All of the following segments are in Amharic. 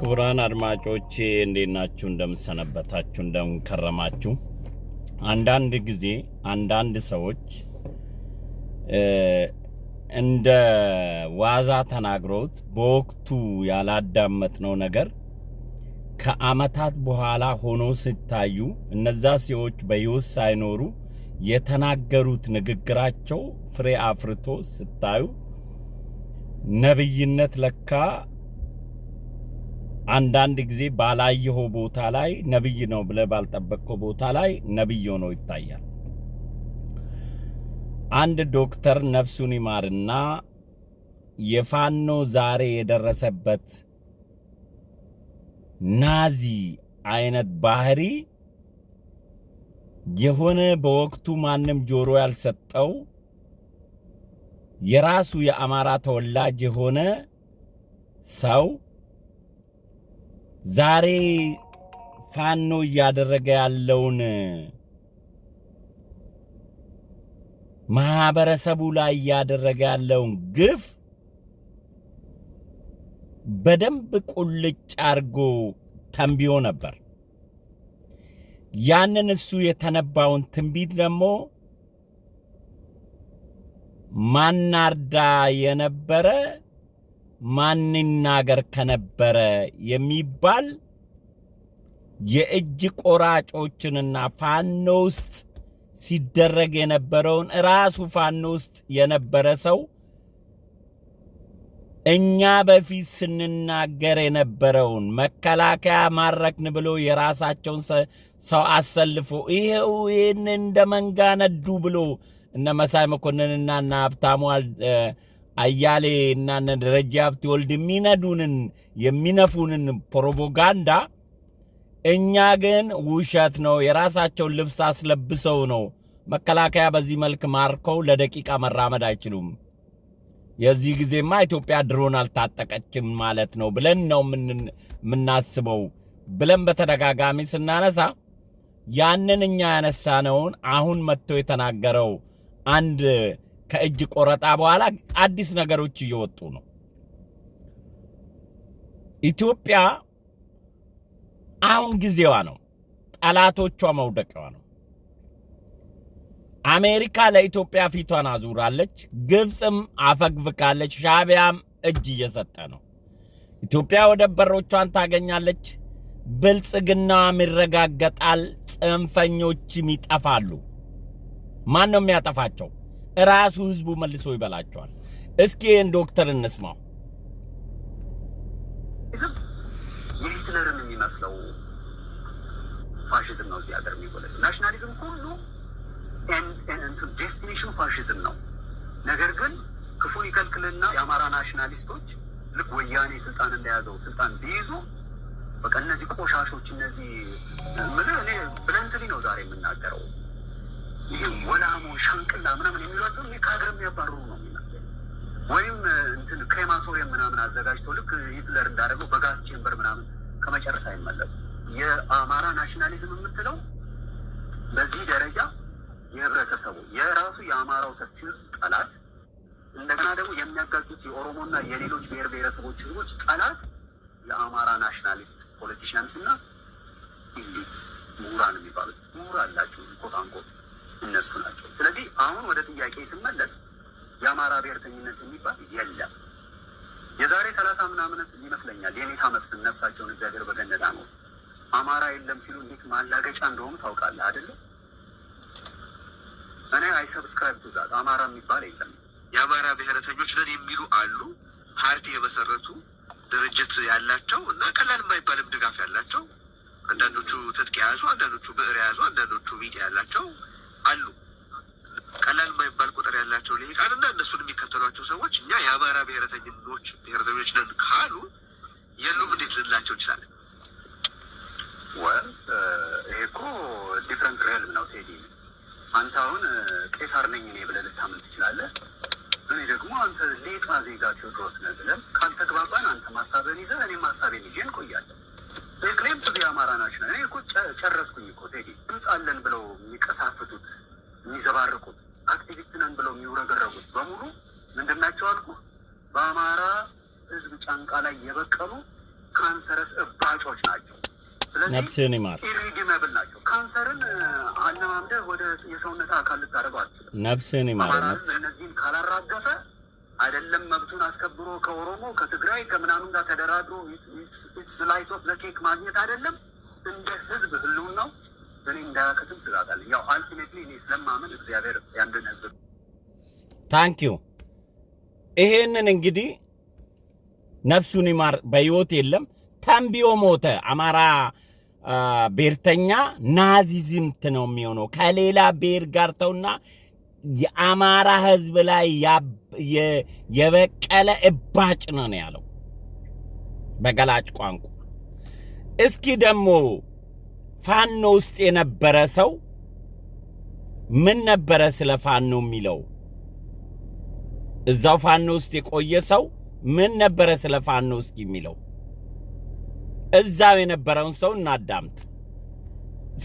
ክቡራን አድማጮቼ እንዴት ናችሁ? እንደምሰነበታችሁ፣ እንደምንከረማችሁ። አንዳንድ ጊዜ አንዳንድ ሰዎች እንደ ዋዛ ተናግረውት በወቅቱ ያላዳመጥነው ነገር ከዓመታት በኋላ ሆኖ ሲታዩ እነዛ ሰዎች በሕይወት ሳይኖሩ የተናገሩት ንግግራቸው ፍሬ አፍርቶ ስታዩ ነብይነት ለካ አንዳንድ ጊዜ ባላየሁ ቦታ ላይ ነቢይ ነው ብለ ባልጠበቅከው ቦታ ላይ ነቢይ ሆኖ ይታያል። አንድ ዶክተር ነፍሱን ይማርና የፋኖ ዛሬ የደረሰበት ናዚ አይነት ባህሪ የሆነ በወቅቱ ማንም ጆሮ ያልሰጠው የራሱ የአማራ ተወላጅ የሆነ ሰው ዛሬ ፋኖ እያደረገ ያለውን ማህበረሰቡ ላይ እያደረገ ያለውን ግፍ በደንብ ቁልጭ አርጎ ተንብዮ ነበር። ያንን እሱ የተነባውን ትንቢት ደግሞ ማናርዳ የነበረ ማን ይናገር ከነበረ የሚባል የእጅ ቆራጮችንና ፋኖ ውስጥ ሲደረግ የነበረውን ራሱ ፋኖ ውስጥ የነበረ ሰው እኛ በፊት ስንናገር የነበረውን መከላከያ ማረክን ብሎ የራሳቸውን ሰው አሰልፎ ይሄው ይህን እንደ መንጋ ነዱ ብሎ እነ መሳይ መኮንንና እነ ሀብታሙ አያሌ እና ደረጀ ሀብቴ ወልድ የሚነዱንን የሚነፉንን ፕሮፓጋንዳ እኛ ግን ውሸት ነው፣ የራሳቸውን ልብስ አስለብሰው ነው። መከላከያ በዚህ መልክ ማርከው ለደቂቃ መራመድ አይችሉም። የዚህ ጊዜማ ኢትዮጵያ ድሮን አልታጠቀችም ማለት ነው ብለን ነው የምናስበው ብለን በተደጋጋሚ ስናነሳ ያንን እኛ ያነሳነውን አሁን መጥቶ የተናገረው አንድ ከእጅ ቆረጣ በኋላ አዲስ ነገሮች እየወጡ ነው። ኢትዮጵያ አሁን ጊዜዋ ነው። ጠላቶቿ መውደቂዋ ነው። አሜሪካ ለኢትዮጵያ ፊቷን አዙራለች። ግብፅም አፈግፍካለች። ሻቢያም እጅ እየሰጠ ነው። ኢትዮጵያ ወደ በሮቿን ታገኛለች። ብልጽግናዋም ይረጋገጣል። ጽንፈኞችም ይጠፋሉ። ማን ነው የሚያጠፋቸው? ራሱ ህዝቡ መልሶ ይበላቸዋል። እስኪ ይህን ዶክተር እንስማው። የሂትለርን የሚመስለው ፋሽዝም ነው እዚህ ሀገር የሚወለድ ናሽናሊዝም ሁሉ ዴስቲኔሽን ፋሽዝም ነው። ነገር ግን ክፉን ይከልክልና የአማራ ናሽናሊስቶች ልክ ወያኔ ስልጣን እንደያዘው ስልጣን ቢይዙ በቃ እነዚህ ቆሻሾች እነዚህ ምን እኔ ብለንትሊ ነው ዛሬ የምናገረው ይህ ሻንቅላ ምናምን የሚሏቸው ከሀገር የሚያባርሩ ነው የሚመስለኝ። ወይም እንትን ክሬማቶሪየም ምናምን አዘጋጅተው ልክ ሂትለር እንዳደረገው በጋዝ ቼምበር ምናምን ከመጨረስ አይመለሱ። የአማራ ናሽናሊዝም የምትለው በዚህ ደረጃ የህብረተሰቡ የራሱ የአማራው ሰፊ ሰፊው ጠላት እንደገና ደግሞ የሚያጋጩት የኦሮሞና የሌሎች ብሔር ብሔረሰቦች ህዝቦች ጠላት የአማራ ናሽናሊስት ፖለቲሽያንስ እና ኢሊት ምሁራን የሚባሉት ምሁር አላቸው ኮታንኮት እነሱ ናቸው። ስለዚህ አሁን ወደ ጥያቄ ስመለስ የአማራ ብሔርተኝነት የሚባል የለም። የዛሬ ሰላሳ ምናምነት ይመስለኛል የኔታ መስፍን ነፍሳቸውን እግዚአብሔር በገነዳ ነው አማራ የለም ሲሉ እንዴት ማላገጫ እንደሆኑ ታውቃለህ አይደለም? እኔ አይ ሰብስክራይብ አማራ የሚባል የለም። የአማራ ብሔረተኞች ነን የሚሉ አሉ። ፓርቲ የመሰረቱ ድርጅት ያላቸው እና ቀላል የማይባልም ድጋፍ ያላቸው አንዳንዶቹ ትጥቅ የያዙ፣ አንዳንዶቹ ብዕር የያዙ፣ አንዳንዶቹ ሚዲያ ያላቸው አሉ። ቀላል የማይባል ቁጥር ያላቸው እና እነሱን የሚከተሏቸው ሰዎች እኛ የአማራ ብሔረተኞች ብሔረተኞች ነን ካሉ የሉም እንዴት ልንላቸው እንችላለን? ወል ይሄ እኮ ዲፍረንት ሪያልም ነው ቴዲ። አንተ አሁን ቄሳር ነኝ እኔ ብለህ ልታምን ትችላለህ። እኔ ደግሞ አንተ ሌጣ ዜጋ ቴዎድሮስ ነህ ብለን ካልተግባባን አንተ ማሳበን ይዘህ እኔም ማሳቤን ይዤ እንቆያለን። ክሌም ቱ አማራ ናቸው። እኔ እኮ ጨረስኩኝ እኮ ቴዲ ድምፅ አለን ብለው የሚቀሳፍቱት የሚዘባርቁት አክቲቪስት ነን ብለው የሚውረገረጉት በሙሉ ምንድናቸው አልኩ በአማራ ህዝብ ጫንቃ ላይ የበቀሉ ካንሰረስ እባጮች ናቸው። ስለዚህ ኢሪዲመብል ናቸው። ካንሰርን አለማምደህ ወደ የሰውነት አካል ልታደርገው አትችልም። ነብስን ይማር። እነዚህን ካላራገፈ አይደለም መብቱን አስከብሮ ከኦሮሞ ከትግራይ ከምናምን ጋር ተደራድሮ ስላይስ ኦፍ ዘኬክ ማግኘት አይደለም እንደ ህዝብ ህልውን ነው እኔ እንዳያከትም ስጋታል። ያው አልቲሜትሊ እኔ ስለማመን እግዚአብሔር ያንድን ህዝብ ታንክ ዩ። ይሄንን እንግዲህ ነፍሱን ይማር በህይወት የለም። ተንቢዮ ሞተ። አማራ ብሔርተኛ ናዚዝምት ነው የሚሆነው ከሌላ ብሔር ጋር ተውና የአማራ ህዝብ ላይ የበቀለ እባጭ ነው ያለው በገላጭ ቋንቋ። እስኪ ደግሞ ፋኖ ውስጥ የነበረ ሰው ምን ነበረ ስለ ፋኖ የሚለው? እዛው ፋኖ ውስጥ የቆየ ሰው ምን ነበረ ስለ ፋኖ ውስጥ የሚለው? እዛው የነበረውን ሰው እናዳምጥ።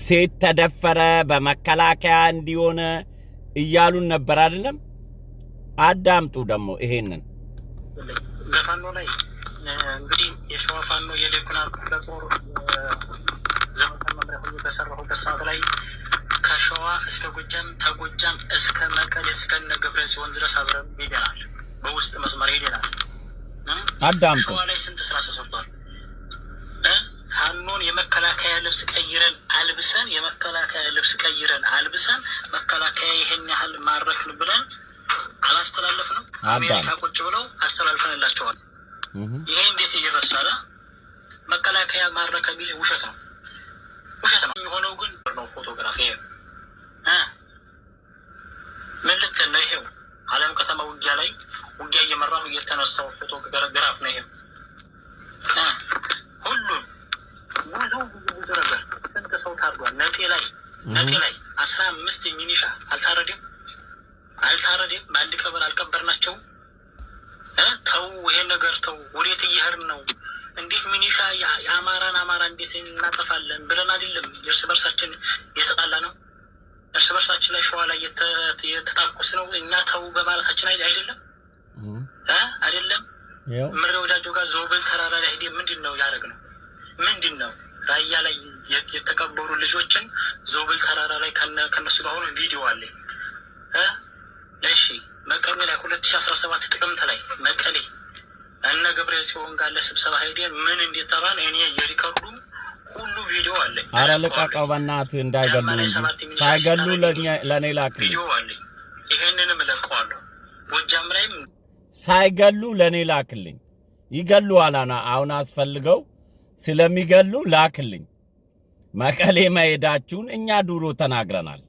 ሴት ተደፈረ፣ በመከላከያ እንዲሆነ እያሉን ነበር አይደለም። አዳምጡ ደግሞ ይሄንን በፋኖ ላይ እንግዲህ የሸዋ ፋኖ የሌኩና ክፍለ ጦር ዘመቻ መምሪያ ሁሉ በሰራሁበት ሰዓት ላይ ከሸዋ እስከ ጎጃም ተጎጃም እስከ መቀሌ እስከ ነገብረ ሲሆን ድረስ አብረን ሄደናል። በውስጥ መስመር ሄደናል። አዳምጡ። ሸዋ ላይ ስንት ስራ ተሰርቷል? ፋኖን የመከላከያ ልብስ ቀይረን አልብሰን የመከላከያ ልብስ ቀይረን አልብሰን መከላከያ ይሄን ያህል ማረክን ብለን አላስተላለፍንም። አሜሪካ ቁጭ ብለው አስተላልፈንላቸዋል። ይሄ እንዴት እየረሳለ መከላከያ ማረከ ቢል ውሸት ነው፣ ውሸት ነው የሆነው ግን ነው ፎቶግራፊ ምን ልክ ነው? ይሄው አለም ከተማ ውጊያ ላይ ውጊያ እየመራሁ እየተነሳው ፎቶግራፍ ነው ይሄው ሁሉም ቦታው ብዙ ብዙ ነበር። ስንት ሰው ታርዷል? ነጤ ላይ ነጤ ላይ አስራ አምስት ሚኒሻ አልታረደም አልታረደም። በአንድ ቀበር አልቀበርናቸውም። ተው ይሄ ነገር ተው፣ ወዴት እየሄድን ነው? እንዴት ሚኒሻ የአማራን አማራ እንዴት እናጠፋለን ብለን አይደለም እርስ በርሳችን የተጣላ ነው። እርስ በርሳችን ላይ ሸዋ ላይ የተታኮስ ነው። እኛ ተው በማለታችን አይደለም አይደለም። ምሬ ወዳጆ ጋር ዞብል ተራራ ላይ ምንድን ነው ያደረግነው? ምንድን ነው ራያ ላይ የተቀበሩ ልጆችን ዞብል ተራራ ላይ ከነሱ ጋር ሆኖ ቪዲዮ አለ። እሺ መቀሌ ላይ ሁለት ሺ አስራ ሰባት ጥቅምት ላይ መቀሌ እነ ገብርኤል ሲሆን ጋር ለስብሰባ ሄደ። ምን እንደተባለ እኔ የሪከርዱ ሁሉ ቪዲዮ አለ። አረ ልቀቀው በእናትህ እንዳይገሉ ሳይገሉ ለእኔ ላክ። ቪዲዮ አለ። ይሄንንም እለቀዋለሁ። ጎጃም ላይም ሳይገሉ ለእኔ ላክልኝ። ይገሉ አላና አሁን አስፈልገው ስለሚገሉ ላክልኝ። መቀሌ መሄዳችሁን እኛ ዱሮ ተናግረናል።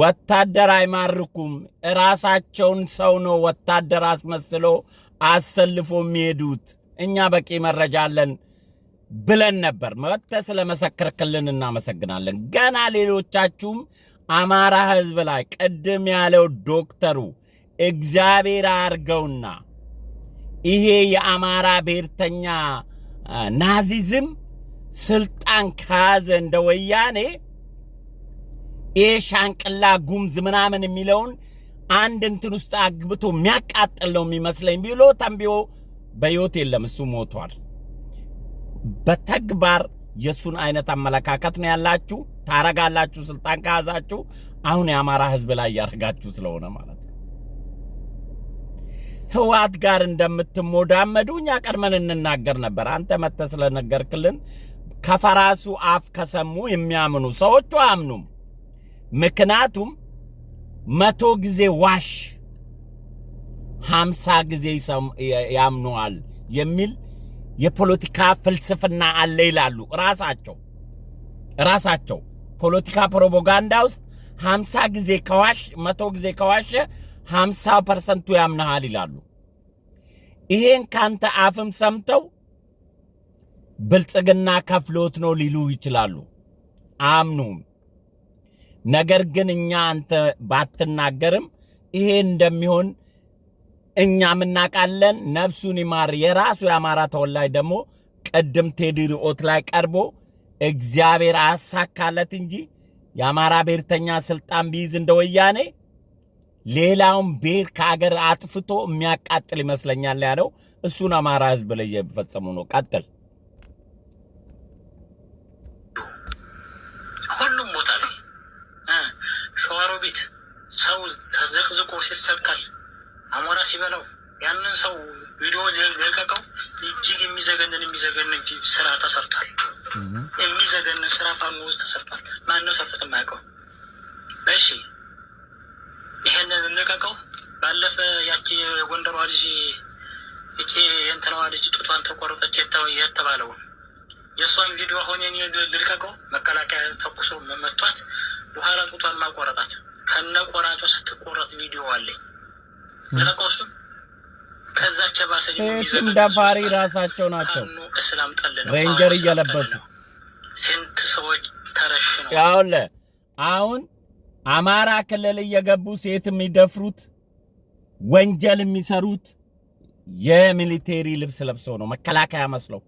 ወታደር አይማርኩም። እራሳቸውን ሰው ነው ወታደር አስመስሎ አሰልፎ የሚሄዱት። እኛ በቂ መረጃ አለን ብለን ነበር። መተ ስለመሰከርክልን እናመሰግናለን። ገና ሌሎቻችሁም አማራ ሕዝብ ላይ ቅድም ያለው ዶክተሩ እግዚአብሔር አርገውና ይሄ የአማራ ብሔርተኛ ናዚዝም ስልጣን ከያዘ እንደ ወያኔ ይሄ ሻንቅላ ጉምዝ ምናምን የሚለውን አንድ እንትን ውስጥ አግብቶ የሚያቃጥል ነው የሚመስለኝ ብሎ ተንብዮ በሕይወት የለም፣ እሱ ሞቷል። በተግባር የእሱን አይነት አመለካከት ነው ያላችሁ። ታረጋላችሁ፣ ስልጣን ከያዛችሁ። አሁን የአማራ ህዝብ ላይ እያረጋችሁ ስለሆነ ማለት ህወሓት ጋር እንደምትሞዳመዱ እኛ ቀድመን እንናገር ነበር። አንተ መተ ስለነገርክልን ከፈራሱ አፍ ከሰሙ የሚያምኑ ሰዎቹ አያምኑም። ምክንያቱም መቶ ጊዜ ዋሽ ሀምሳ ጊዜ ያምኑዋል የሚል የፖለቲካ ፍልስፍና አለ ይላሉ። ራሳቸው ራሳቸው ፖለቲካ ፕሮፓጋንዳ ውስጥ ሀምሳ ጊዜ ከዋሽ መቶ ጊዜ ከዋሸ ሀምሳ ፐርሰንቱ ያምናሃል ይላሉ። ይሄን ካንተ አፍም ሰምተው ብልጽግና ከፍሎት ነው ሊሉ ይችላሉ። አምኑም። ነገር ግን እኛ አንተ ባትናገርም ይሄ እንደሚሆን እኛም እናውቃለን። ነፍሱን ይማር። የራሱ የአማራ ተወላጅ ደግሞ ቅድም ቴዲ ርዕዮት ላይ ቀርቦ እግዚአብሔር አሳካለት እንጂ የአማራ ብሔርተኛ ስልጣን ቢይዝ እንደ ወያኔ ሌላውን ቤት ከሀገር አጥፍቶ የሚያቃጥል ይመስለኛል ያለው እሱን አማራ ህዝብ ላይ እየፈጸሙ ነው። ቀጥል። ሁሉም ቦታ ላይ ሸዋሮ ቤት ሰው ተዘቅዝቆ ሲሰቀል አሞራ ሲበላው ያንን ሰው ቪዲዮ ለቀቀው። እጅግ የሚዘገንን የሚዘገንን ስራ ተሰርቷል። የሚዘገንን ስራ ፋኖ ውስጥ ተሰርቷል። ማነው ሰርቶት የማያውቀው? እሺ ይሄንን እንልቀቀው። ባለፈ ያቺ የጎንደሯ ልጅ እቺ የእንትናዋ ልጅ ጡቷን ተቆረጠች የተባለው የእሷን ቪዲዮ አሁን የኔ ልልቀቀው። መከላከያ ተኩሶ መመቷት በኋላ ጡቷን ማቆረጣት ከነ ቆራጮ ስትቆረጥ ቪዲዮ አለኝ ልቀቀው። እሱም ከዛቸ ባሰ ሴትም ደፋሪ ራሳቸው ናቸው እስላም ጠል ነው ሬንጀር እየለበሱ ስንት ሰዎች ተረሽ ነው ያውለ አሁን አማራ ክልል እየገቡ ሴት የሚደፍሩት ወንጀል የሚሰሩት የሚሊቴሪ ልብስ ለብሰው ነው። መከላከያ መስለው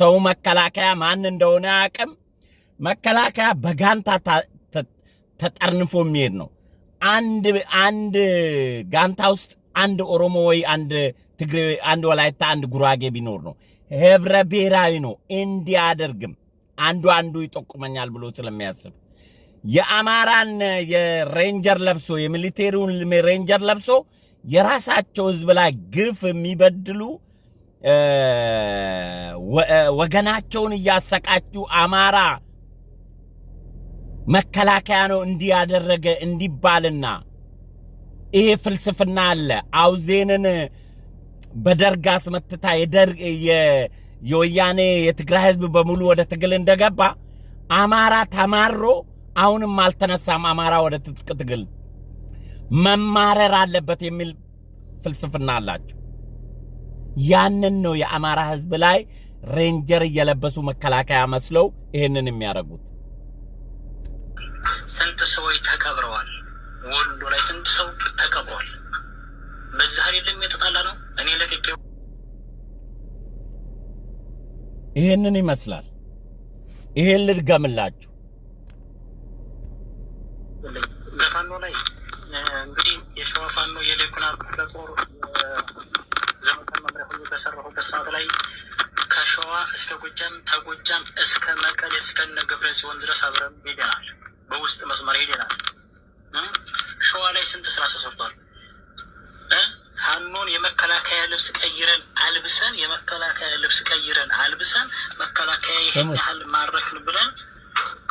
ሰው መከላከያ ማን እንደሆነ አቅም መከላከያ በጋንታ ተጠርንፎ የሚሄድ ነው። አንድ አንድ ጋንታ ውስጥ አንድ ኦሮሞ ወይ አንድ ትግሬ፣ አንድ ወላይታ፣ አንድ ጉራጌ ቢኖር ነው። ህብረ ብሔራዊ ነው። እንዲያደርግም አንዱ አንዱ ይጠቁመኛል ብሎ ስለሚያስብ የአማራን የሬንጀር ለብሶ የሚሊቴሪውን ሬንጀር ለብሶ የራሳቸው ህዝብ ላይ ግፍ የሚበድሉ ወገናቸውን እያሰቃችሁ አማራ መከላከያ ነው እንዲያደረገ እንዲባልና ይሄ ፍልስፍና አለ። አውዜንን በደርግ አስመትታ የወያኔ የትግራይ ህዝብ በሙሉ ወደ ትግል እንደገባ አማራ ተማሮ አሁንም አልተነሳም። አማራ ወደ ትጥቅ ትግል መማረር አለበት የሚል ፍልስፍና አላቸው። ያንን ነው የአማራ ህዝብ ላይ ሬንጀር እየለበሱ መከላከያ መስለው ይህንን የሚያደርጉት። ስንት ሰዎች ተቀብረዋል። ወሎ ላይ ስንት ሰው ተቀብሯል። በዛ አይደለም የተጣላ ነው። እኔ ለቅቄ ይህንን ይመስላል። ይሄን ልድገምላችሁ። ላይ እንግዲህ የሸዋ ፋኖ የሌኩና ክፍለጦር ዘመቻ መምሪያ ሁሉ በሰራሁበት ሰዓት ላይ ከሸዋ እስከ ጎጃም ተጎጃም እስከ መቀሌ እስከነ ገብረ ጽዮን ድረስ አብረን ሄደናል። በውስጥ መስመር ሄደናል። ሸዋ ላይ ስንት ስራ ተሰርቷል። ፋኖን የመከላከያ ልብስ ቀይረን አልብሰን የመከላከያ ልብስ ቀይረን አልብሰን መከላከያ ይህን ያህል ማድረክን ብለን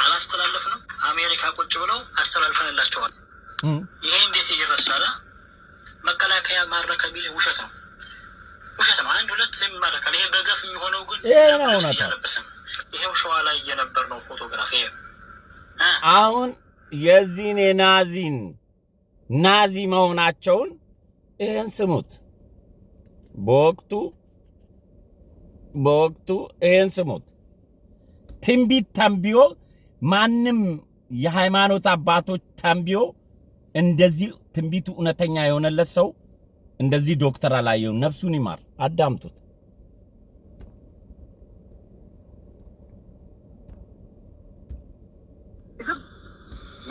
አላስተላለፍንም። አሜሪካ ቁጭ ብለው አስተላልፈንላቸዋል። ይሄ እንዴት እየበሰለ መከላከያ ማረከ ቢል ውሸት ነው፣ ውሸት ነው። አንድ ሁለት ይማረካል። ይሄ በገፍ የሚሆነው ግን እያለበስም ይሄው ሸዋ ላይ እየነበር ነው ፎቶግራፍ አሁን የዚህን የናዚን ናዚ መሆናቸውን ይህን ስሙት። በወቅቱ በወቅቱ ይህን ስሙት። ትንቢት ተንቢዮ ማንም የሃይማኖት አባቶች ተንቢዮ እንደዚህ ትንቢቱ እውነተኛ የሆነለት ሰው እንደዚህ ዶክተር አላየው ነፍሱን ይማር። አዳምጡት።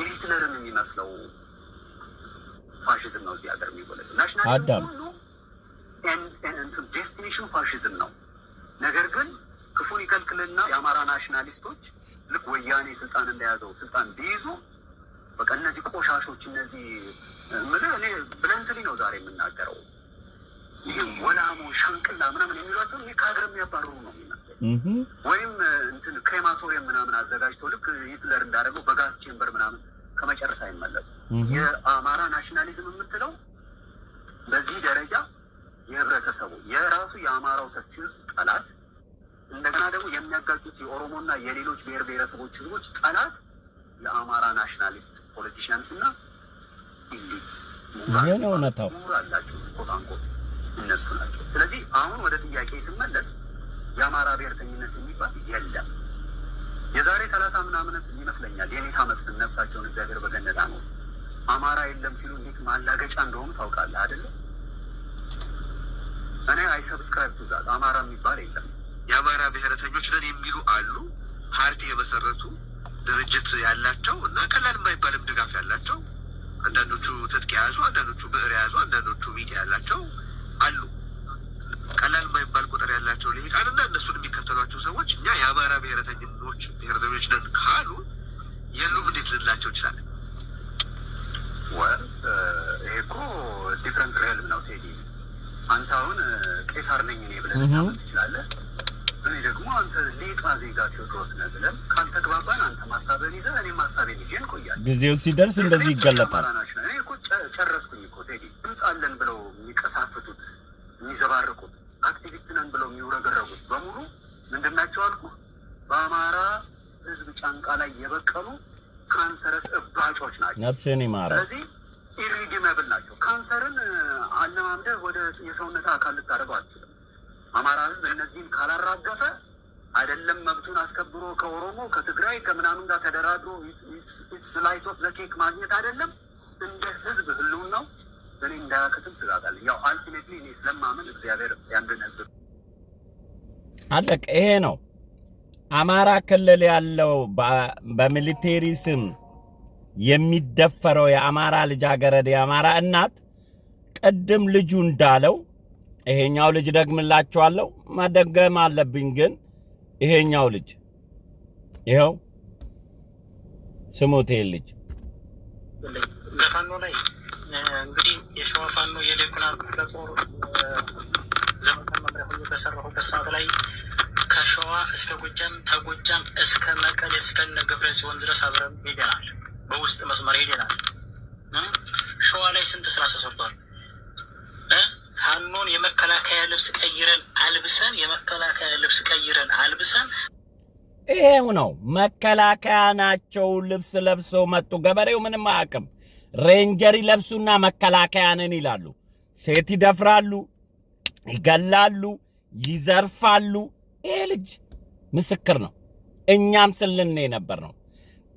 ሂትለርን የሚመስለው ፋሽዝም ነው እዚህ ሀገር የሚወለደው። ናሽናሊዝም ዴስቲኔሽን ፋሽዝም ነው። ነገር ግን ክፉን ይከልክልና የአማራ ናሽናሊስቶች ልክ ወያኔ ስልጣን እንደያዘው ስልጣን ቢይዙ በቃ እነዚህ ቆሻሾች እነዚህ ምን እኔ ብለንትሊ ነው ዛሬ የምናገረው። ይሄ ወላሞ ሸንቅላ ምናምን የሚሏቸው ይህ ከሀገር የሚያባርሩ ነው የሚመስለኝ። ወይም እንትን ክሬማቶሪየም ምናምን አዘጋጅቶ ልክ ሂትለር እንዳደረገው በጋዝ ቼምበር ምናምን ከመጨረስ አይመለሱ። የአማራ ናሽናሊዝም የምትለው በዚህ ደረጃ የህብረተሰቡ የራሱ የአማራው ሰፊ ህዝብ ጠላት፣ እንደገና ደግሞ የሚያጋጩት የኦሮሞና የሌሎች ብሔር ብሔረሰቦች ህዝቦች ጠላት የአማራ ናሽናሊስት ፖለቲሽያንስ እና ኢሊት ምሁራን አላቸው ቆጣንቆት እነሱ ናቸው። ስለዚህ አሁን ወደ ጥያቄ ስመለስ የአማራ ብሔርተኝነት የሚባል የለም። የዛሬ ሰላሳ ምናምነት ይመስለኛል የኔታ መስፍን ነፍሳቸውን እግዚአብሔር በገነዳ ነው አማራ የለም ሲሉ እንዴት ማላገጫ እንደሆኑ ታውቃለህ አይደለም? እኔ አይ ሰብስክራይብ ቱዛት አማራ የሚባል የለም። የአማራ ብሔረተኞች ነን የሚሉ አሉ ፓርቲ የመሰረቱ ድርጅት ያላቸው እና ቀላል የማይባልም ድጋፍ ያላቸው አንዳንዶቹ ትጥቅ የያዙ አንዳንዶቹ ብዕር የያዙ አንዳንዶቹ ሚዲያ ያላቸው አሉ። ቀላል የማይባል ቁጥር ያላቸው ልሂቃን እና እነሱን የሚከተሏቸው ሰዎች እኛ የአማራ ብሔረተኞች ብሔረተኞች ነን ካሉ የሉም እንዴት ልንላቸው እንችላለን? ወር uh, ይሄ እኮ ዲፍረንት ሪያልም ነው ቴዲ። አንተ አሁን ቄሳር ነኝ እኔ ብለህ ትችላለህ እኔ ደግሞ አንተ ሌጣ ዜጋ ቴዎድሮስ ነህ ብለን ካልተግባባን አንተ ማሳበን ይዘህ እኔ ማሳቤን ይዤ እንቆያለን። ጊዜው ሲደርስ እንደዚህ ይገለጣል። እኔ እኮ ጨረስኩኝ እኮ ቴዲ። ድምፅ አለን ብለው የሚቀሳፍቱት የሚዘባርቁት፣ አክቲቪስት ነን ብለው የሚውረገረጉት በሙሉ ምንድን ናቸው አልኩ በአማራ ህዝብ ጫንቃ ላይ የበቀሉ ካንሰረስ እባጮች ናቸው። ስለዚህ ኢሪዲመብል ናቸው። ካንሰርን አለማምደህ ወደ የሰውነት አካል ልታደርገው አትችልም። አማራ ህዝብ እነዚህም ካላራገፈ አይደለም መብቱን አስከብሮ ከኦሮሞ ከትግራይ ከምናምን ጋር ተደራድሮ ስላይስ ኦፍ ዘኬክ ማግኘት አይደለም እንደ ህዝብ ህልውን ነው እኔ እንዳያክትም ስጋታል። ያው አልቲሜትሊ እኔ ስለማምን እግዚአብሔር ያንድን ህዝብ አለቀ። ይሄ ነው አማራ ክልል ያለው በሚሊቴሪ ስም የሚደፈረው የአማራ ልጃገረድ የአማራ እናት ቅድም ልጁ እንዳለው ይሄኛው ልጅ ደግምላችኋለሁ። መደገም አለብኝ ግን ይሄኛው ልጅ ይኸው ስሙት። ይሄን ልጅ በፋኖ ላይ እንግዲህ የሸዋ ፋኖ የሌኩና ክፍለ ጦር ዘመቻ መምሪያ ሆኜ በሰራሁበት ሰዓት ላይ ከሸዋ እስከ ጎጃም ተጎጃም እስከ መቀሌ እስከነ ገብረ ሲሆን ድረስ አብረን ሄደናል። በውስጥ መስመር ሄደናል። ሸዋ ላይ ስንት ስራ ተሰርቷል። ፋኖን የመከላከያ ልብስ ቀይረን አልብሰን የመከላከያ ልብስ ቀይረን አልብሰን ይሄው ነው። መከላከያ ናቸው ልብስ ለብሰው መጡ። ገበሬው ምንም አያውቅም። ሬንጀር ይለብሱና መከላከያ ነን ይላሉ። ሴት ይደፍራሉ፣ ይገላሉ፣ ይዘርፋሉ። ይሄ ልጅ ምስክር ነው። እኛም ስልን የነበር ነው።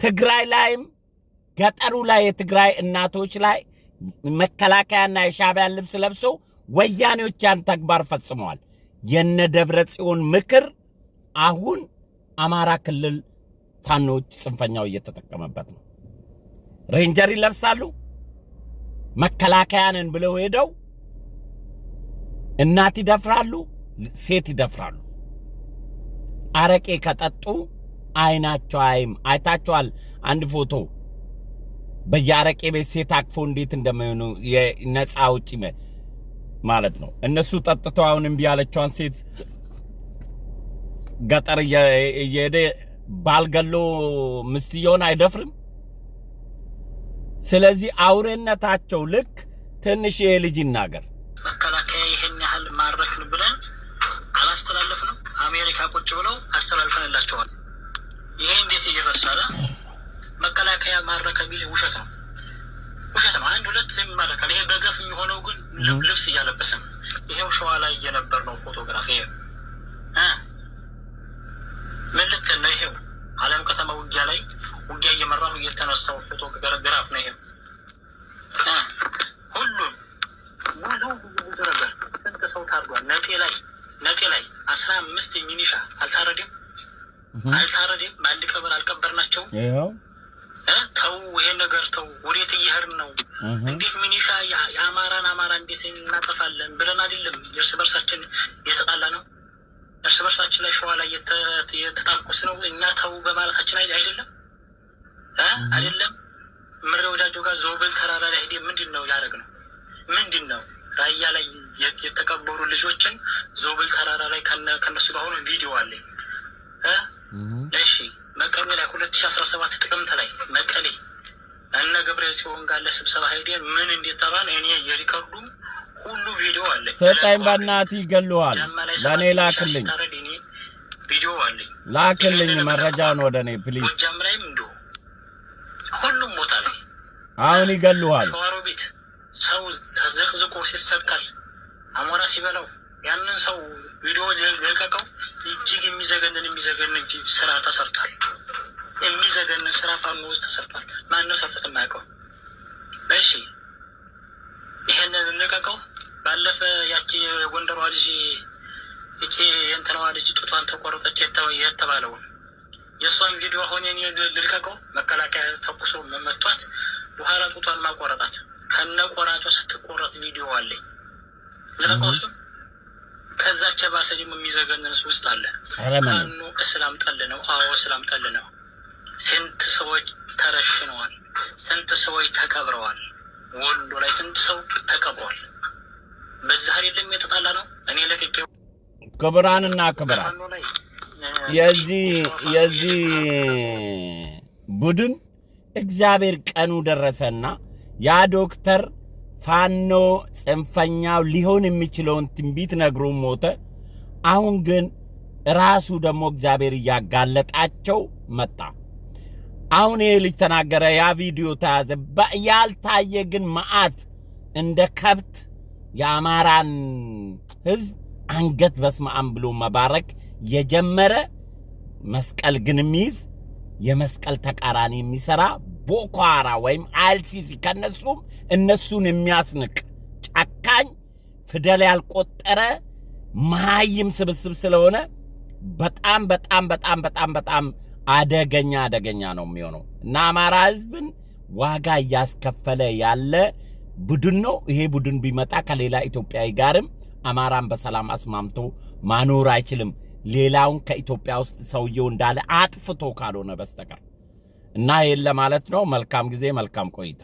ትግራይ ላይም ገጠሩ ላይ የትግራይ እናቶች ላይ መከላከያና የሻቢያን ልብስ ለብሰው ወያኔዎች ያን ተግባር ፈጽመዋል። የነ ደብረ ጽዮን ምክር አሁን አማራ ክልል ፋኖች፣ ጽንፈኛው እየተጠቀመበት ነው። ሬንጀር ይለብሳሉ መከላከያንን ብለው ሄደው እናት ይደፍራሉ፣ ሴት ይደፍራሉ። አረቄ ከጠጡ አይናቸው አይም። አይታችኋል አንድ ፎቶ በየአረቄ ቤት ሴት አቅፎ እንዴት እንደሚሆኑ የነፃ አውጪ ማለት ነው። እነሱ ጠጥተው አሁን እምቢ ያለችዋን ሴት ገጠር እየሄደ ባልገሎ ምስትየውን አይደፍርም። ስለዚህ አውሬነታቸው ልክ ትንሽ ይሄ ልጅ ይናገር መከላከያ ይህን ያህል ማረክን ብለን አላስተላለፍንም። አሜሪካ ቁጭ ብለው አስተላልፈንላቸዋል። ይሄ እንዴት እየረሳለ መከላከያ ማረከ ቢል ውሸት ነው። ውሸት ነው። አንድ ሁለት ይመለካል። ይሄ በገፍ የሚሆነው ግን ልብስ እያለበስም ይሄው ሸዋ ላይ እየነበር ነው ፎቶግራፍ ይሄ ምልክ ነው። ይሄው አለም ከተማ ውጊያ ላይ ውጊያ ነው እየተነሳው ፎቶግራፍ ነው። ይሄው ሁሉም ብዙ ብዙ ነገር ስንት ሰው ታርዷል። ነጤ ላይ ነጤ ላይ አስራ አምስት ሚኒሻ አልታረድም አልታረድም በአንድ ቀበር አልቀበር ናቸው ተው፣ ይሄ ነገር ተው፣ ወዴት እየሄድን ነው? እንዴት ሚኒሻ የአማራን አማራ እንዴት እናጠፋለን ብለን አይደለም እርስ በርሳችን የተጣላ ነው እርስ በርሳችን ላይ ሸዋ ላይ የተጣቁስ ነው። እኛ ተው በማለታችን አይደለም አይደለም። ምሬ ወዳጆ ጋር ዞብል ተራራ ላይ ሄደ ምንድን ነው ያደረግ ነው ምንድን ነው? ራያ ላይ የተቀበሩ ልጆችን ዞብል ተራራ ላይ ከነሱ ጋር ሆኖ ቪዲዮ አለ። እሺ መቀሌ ላይ ሁለት ሺ አስራ ሰባት ጥቅምት ላይ መቀሌ እነ ገብረ ጽዮን ጋለ ስብሰባ ሄደ። ምን እንደተባለ እኔ የሪከርዱ ሁሉ ቪዲዮ አለ። ሰጣኝ ባናት ይገለዋል። ለእኔ ላክልኝ፣ ቪዲዮ አለኝ፣ ላክልኝ መረጃውን ወደ እኔ ፕሊዝ። ጎጃም ላይም እንዲሁ ሁሉም ቦታ ላይ አሁን ይገሉሃል። ሸዋሮ ቤት ሰው ተዘቅዝቆ ሲሰቀል አሞራ ሲበላው ያንን ሰው ቪዲዮን የለቀቀው እጅግ የሚዘገንን የሚዘገንን ስራ ተሰርቷል። የሚዘገን ስራ ፋኖ ውስጥ ተሰርቷል። ማነው ሰርቶት የማያውቀው? እሺ ይሄንን እንለቀቀው። ባለፈ ያቺ የጎንደሯ ልጅ እቺ የእንትናዋ ልጅ ጡቷን ተቆረጠች የተባለውን የእሷን ቪዲዮ አሁን ኔ ልልቀቀው። መከላከያ ተኩሶ መመቷት በኋላ ጡቷን ማቆረጣት ከነ ቆራጮ ስትቆረጥ ቪዲዮ አለኝ ልቀቀው እሱም ከዛች ባሰ ደግሞ የሚዘገንን ውስጥ አለ። ካኑ እስላም ጠል ነው። አዎ እስላም ጠል ነው። ስንት ሰዎች ተረሽነዋል። ስንት ሰዎች ተቀብረዋል። ወሎ ላይ ስንት ሰው ተቀብሯል። በዛ አይደለም የተጣላ ነው። እኔ ለቅቄ ክብራንና ክብራን የዚህ የዚህ ቡድን እግዚአብሔር ቀኑ ደረሰና ያ ዶክተር ፋኖ ጽንፈኛው ሊሆን የሚችለውን ትንቢት ነግሮ ሞተ። አሁን ግን ራሱ ደግሞ እግዚአብሔር እያጋለጣቸው መጣ። አሁን ይህ ልጅ ተናገረ። ያ ቪዲዮ ተያዘ። ያልታየ ግን መዓት እንደ ከብት የአማራን ህዝብ አንገት በስማም ብሎ መባረክ የጀመረ መስቀል ግን የሚይዝ የመስቀል ተቃራኒ የሚሰራ ቦኳራ ወይም አልሲሲ ከነሱም እነሱን የሚያስንቅ ጨካኝ ፊደል ያልቆጠረ መሀይም ስብስብ ስለሆነ በጣም በጣም በጣም በጣም በጣም አደገኛ አደገኛ ነው የሚሆነው እና አማራ ህዝብን ዋጋ እያስከፈለ ያለ ቡድን ነው። ይሄ ቡድን ቢመጣ ከሌላ ኢትዮጵያዊ ጋርም አማራን በሰላም አስማምቶ ማኖር አይችልም። ሌላውን ከኢትዮጵያ ውስጥ ሰውየው እንዳለ አጥፍቶ ካልሆነ በስተቀር እና የለ ማለት ነው። መልካም ጊዜ፣ መልካም ቆይታ